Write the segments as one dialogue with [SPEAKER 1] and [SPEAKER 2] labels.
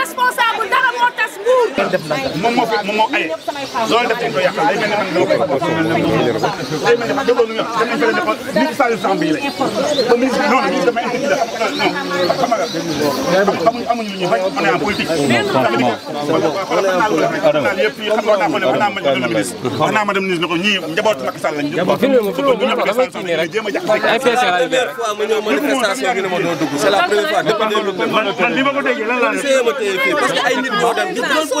[SPEAKER 1] responsable dara moo tas moom moo fi moom moo aye loolu def dañ ko yàqal day mel ne man dama koy day mel ne man déggoo nu ñu wax dem nañ fële ne ko mille cent cent bii lañ ba mille non non dama indi dara non xam nga amuñ amuñ lu ñuy fay on est en politique yëpp yi xam nga naa ko ne xanaa ma dem ministre xanaa ma dem ministre ne ko ñii njabootu Macky Sall lañ jéem a jàpp c'est la première fois man li ma ko déggee lan laa parce que ay nit ñoo dem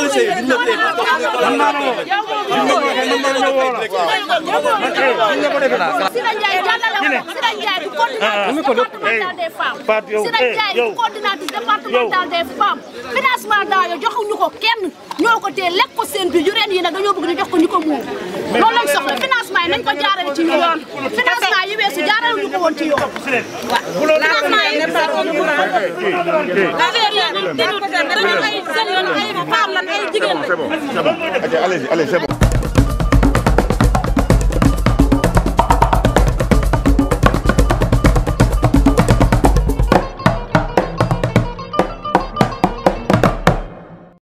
[SPEAKER 1] coordinatrice ah, départementale des femmes financement daayo joxuñu ko kenn ñoo ko tee lekk ko seen yu ren yi nag dañoo bëgg ñu jox ko ñu ko moom loolu lañ soxla financement yi nañ ko jaarale ci yoon financement yi weesu jaarale ñu ko woon ci yoon déedéet déedéet dañu ay jeunes lañu ay femmes lañu ay jigéen lañu. c'est bon c'est bon allez allez c'est bon.